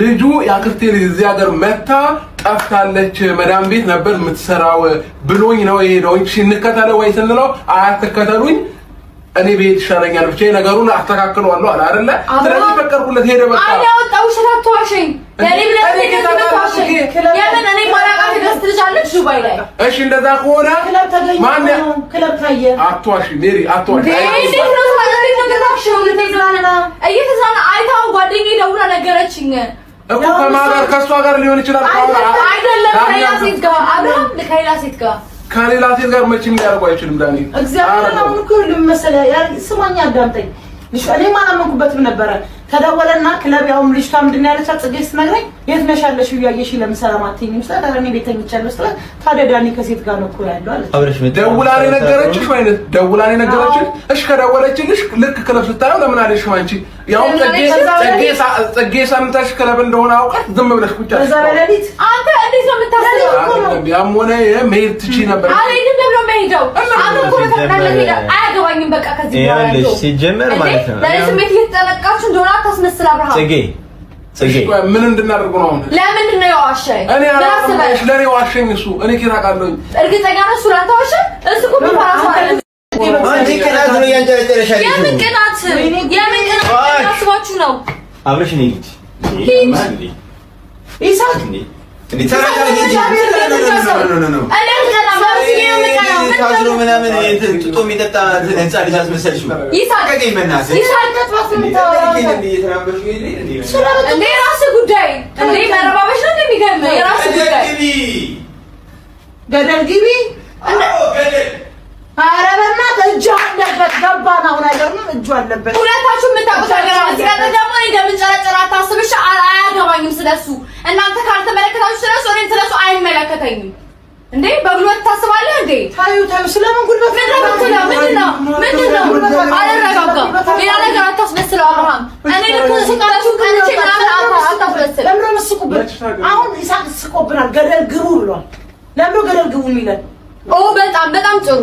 ልጁ የአክስቴ ልጅ እዚህ ሀገር መታ ጠፍታለች፣ መዳም ቤት ነበር የምትሰራው ብሎኝ ነው የሄደው። ሲንከተለው ወይ ስንለው አያትከተሉኝ እኔ ቤት ይሻለኛል ብቻ ነገሩን አስተካክለዋለሁ አለ አይደለ? ስለዚህ ፈቀድኩለት ሄደ። በቃ እሺ እንደዛ ከሆነ ማን አትዋሽ ሜሪ አትዋሽ አልሰጠችኝ እኮ ከማዳር ከእሷ ጋር ሊሆን ይችላል። ከሌላ ሴት ጋር መቼም ሊያደርጉ አይችልም። ዳኒ እግዚአብሔር እኔም አላመንኩበትም ነበረ። ተደወለና ክለብ ያውም ልጅቷ ምንድን ነው ያለቻት ጽጌ ስትነግረኝ የት ነሽ ያለሽው እያየሽ ለምን ሰላም አትይኝም ስላት፣ ኧረ እኔ ስለ ተኝቻለሁ ታዲያ ዳኒ ከሴት ጋር ነው እኮ ያለው አለች። ደውላ ነው የነገረችሽ ማለት ደውላ ነው የነገረችሽ። እሺ ከደወለችልሽ ልክ ክለብ ስታየው ለምን አለሽ አንቺ? ያው ጸጌ ሰምተሽ ክለብ እንደሆነ አውቀሽ ዝም ብለሽ ቁጭ አለሽ። በዛ ለሊት አንተ እንዴት ነው የምታስበው? ያም ሆነ መሄድ ትችይ ነበር። አልሄድም ብሎ መሄደው አንተ እኮ ተናለ ሄዳ አያገባኝም በቃ ከዚህ በኋላ ያለው ሲጀመር ማለት ነው። ለኔ ስሜት እየተጠነቀቃችሁ እንደሆነ አታስመስል አብርሃም ጽጌ ምን እንድናደርጉ ነው? ለምንድን ነው የዋሸኝ? ለእኔ ዋሸኝ። እሱ እኔ ኬት አውቃለሁ? እርግጠኛ ነህ? እሱ ላንተ ዋሸ። እሱ ቁም ራሱ አስባችሁ ነው? አብረሽ ነኝ እንጂ ይሳቅ እንዴ! ታዝሎ ምናምን ጥጦ የሚጠጣ ህንፃ ልጅ አስመሰልሽ። የራስህ ጉዳይ መረባበሽ ነው የሚገርምህ። የራስህ ግቢ። ኧረ በእናትህ እጁ አለበት ገባን። አሁን አይገርምም? እጁ አለበት። ሁለታችሁ የምታውቁት ነገር ደግሞ እንደምንጨረጨር አታስብሽ። አያገባኝም ስለሱ እናንተ ካልተመለከታችሁ ስለሱ እኔም ስለሱ አይመለከተኝም። እንዴ በጉልበት ታስባለህ እንዴ? ታዩ ታዩ። ስለምን ጉልበት ገደል ግቡ ብሏል። ለምን ገደል ግቡ የሚለን? ኦ በጣም በጣም ጥሩ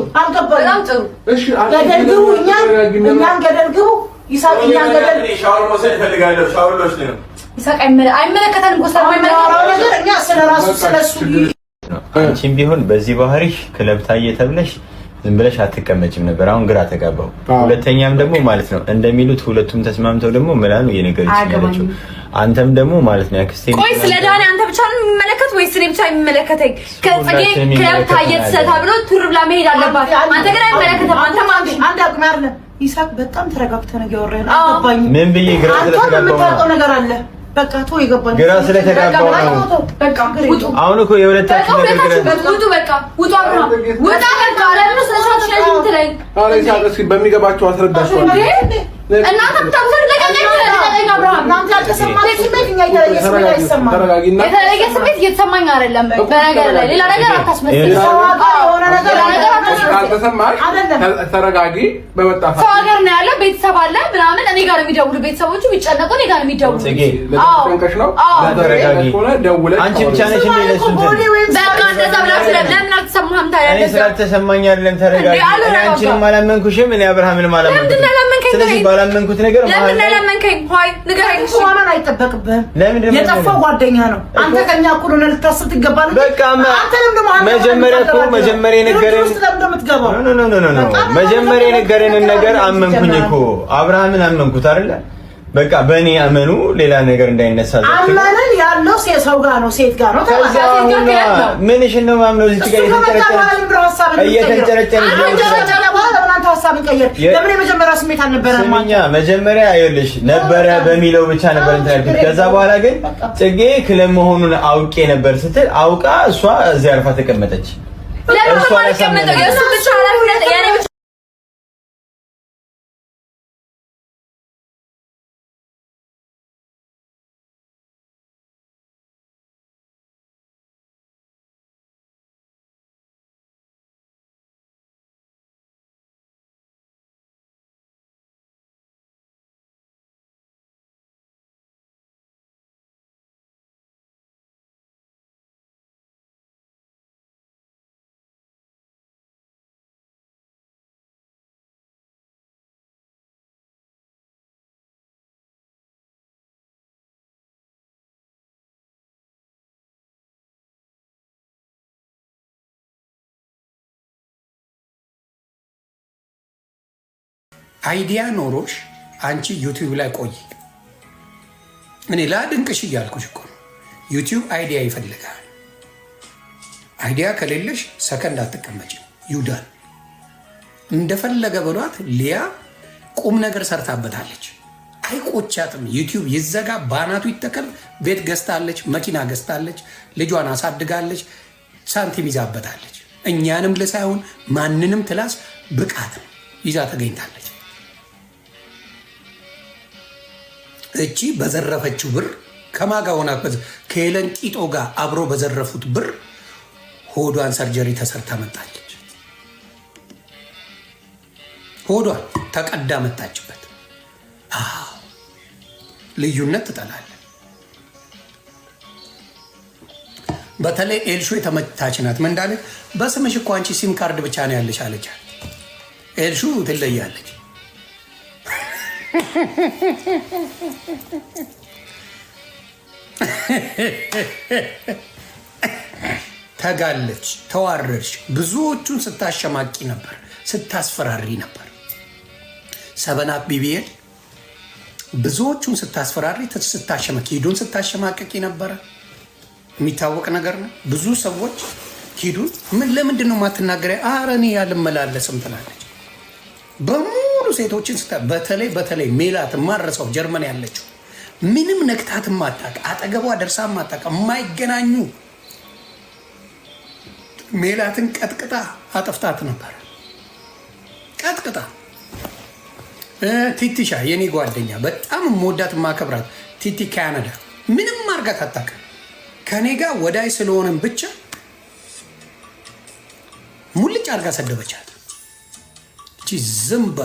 በጣም ጥሩ። እሺ ገደል ግቡ፣ እኛን ገደል ግቡ። ይሳቅ እኛን ገደል ሻወር መውሰድ እፈልጋለሁ። ሻወር ልወስድ ነው። ይሳቅ አይመለከተንም እኮ ነገር እኛ ስለራሱ ስለሱ አንቺም ቢሆን በዚህ ባህሪሽ ክለብ ታየ ተብለሽ ዝም ብለሽ አትቀመጭም ነበር። አሁን ግራ ተጋባው። ሁለተኛም ደግሞ ማለት ነው እንደሚሉት ሁለቱም ተስማምተው ደግሞ ምላሉ የነገረች ያለችው አንተም ደግሞ ማለት ነው ያክስቴ። ቆይ ስለ ዳኒ አንተ ብቻ ነው የሚመለከት ወይስ እኔ ብቻ የሚመለከተኝ? ከጽጌ ክለብ ታየ ተሰታ ብሎ ቱር ብላ መሄድ አለባት። አንተ ግን አይመለከትም። አንተ ማለት አንድ አቅም ያለ ይሳቅ በጣም ተረጋግተህ ነው ያወራህ። አባኝ ምን ብዬ ግራ ተጋባሁ። ነገር አለ በቃ ቶ ይገባል። ግራ ስለተጋባው ነው። በቃ አሁን እኮ የሁለታችሁ ነገር ግራ ውጡ። በቃ ውጡ። አብርሃም ውጣ። በሚገባቸው አስረዳሽዋለሁ። እየተሰማኝ አይደለም። ተረጋጊ። ሰው ሀገር ነው ያለ ቤተሰብ አለ ምናምን። እኔ ጋር የሚደውሉ ቤተሰቦቹ የሚጨነቁ እኔ ጋር የሚደውሉ አንቺ ብቻ ነሽ። አላመንኩሽም። እኔ አብርሃምንም አላመንኩሽም። ስለዚህ ባላመንኩት ነገር ለምን ላላመንከኝ ሆይ ንገረኝ። እሺ ማመን አይጠበቅብህም። የጠፋው ጓደኛ ነው። አንተ ከኛ እኩል ሆነህ ልታስብ ይገባል። በቃ መጀመሪያ እኮ መጀመሪያ የነገረን መጀመሪያ የነገረንን ነገር አመንኩኝ እኮ አብርሃምን አመንኩት አይደለ? በቃ በእኔ አመኑ ሌላ ነገር እንዳይነሳ አመንን ያለው ሰው ጋር ነው፣ ሴት ጋር ነው። ምንሽን ነው ማምነው? እዚህ ጋር እየተንጨረጨረ ሀሳብን ቀየር። ለምን ስሜት አልነበረም? መጀመሪያ ይኸውልሽ ነበረ በሚለው ብቻ ነበር እንትን ያልኩት። ከዛ በኋላ ግን ጽጌ ክለብ መሆኑን አውቄ ነበር ስትል አውቃ እሷ እዚያ አርፋ ተቀመጠች። አይዲያ ኖሮሽ አንቺ ዩቲዩብ ላይ ቆይ። እኔ ላድንቅሽ እያልኩሽ እኮ ነው። ዩቲዩብ አይዲያ ይፈልጋል። አይዲያ ከሌለሽ ሰከንድ አትቀመጭ። ዩዳን እንደፈለገ ብሏት ሊያ ቁም ነገር ሰርታበታለች። አይቆቻትም። ዩቲዩብ ይዘጋ፣ ባናቱ ይጠቀም። ቤት ገዝታለች፣ መኪና ገዝታለች፣ ልጇን አሳድጋለች፣ ሳንቲም ይዛበታለች። እኛንም ለሳይሆን ማንንም ትላስ ብቃትም ይዛ ተገኝታለች። እቺ በዘረፈችው ብር ከማጋ ሆና ከሄለን ጋር አብሮ በዘረፉት ብር ሆዷን ሰርጀሪ ተሰርታ መጣለች። ሆዷን ተቀዳ መጣችበት። ልዩነት ትጠላለ። በተለይ ኤልሾ የተመታች ናት። ምን እንዳለች፣ በስምሽ እኮ አንቺ ሲም ካርድ ብቻ ነው ያለች አለች። ኤልሹ ትለያለች። ተጋለች፣ ተዋረች ብዙዎቹን ስታሸማቂ ነበር፣ ስታስፈራሪ ነበር። ሰበናት ቢቢኤል ብዙዎቹን ስታስፈራሪ ስታሸማቂ ኪዱን ስታሸማቀቂ ነበረ። የሚታወቅ ነገር ነው። ብዙ ሰዎች ኪዱን ምን ለምንድን ነው ማትናገሪያ? አረ እኔ ያልመላለስም ትላለች በሙ ሴቶችን ስታ በተለይ በተለይ ሜላት ማረሰው ጀርመን ያለችው ምንም ነክታት ማታቅ አጠገቧ ደርሳ ማታቅ የማይገናኙ ሜላትን ቀጥቅጣ አጠፍታት ነበር። ቀጥቅጣ ቲቲሻ የኔ ጓደኛ በጣም መወዳት ማከብራት ቲቲ ካናዳ ምንም አርጋት አታውቅም። ከኔ ጋር ወዳይ ስለሆነም ብቻ ሙልጭ አርጋ ሰደበቻት። ዝምባ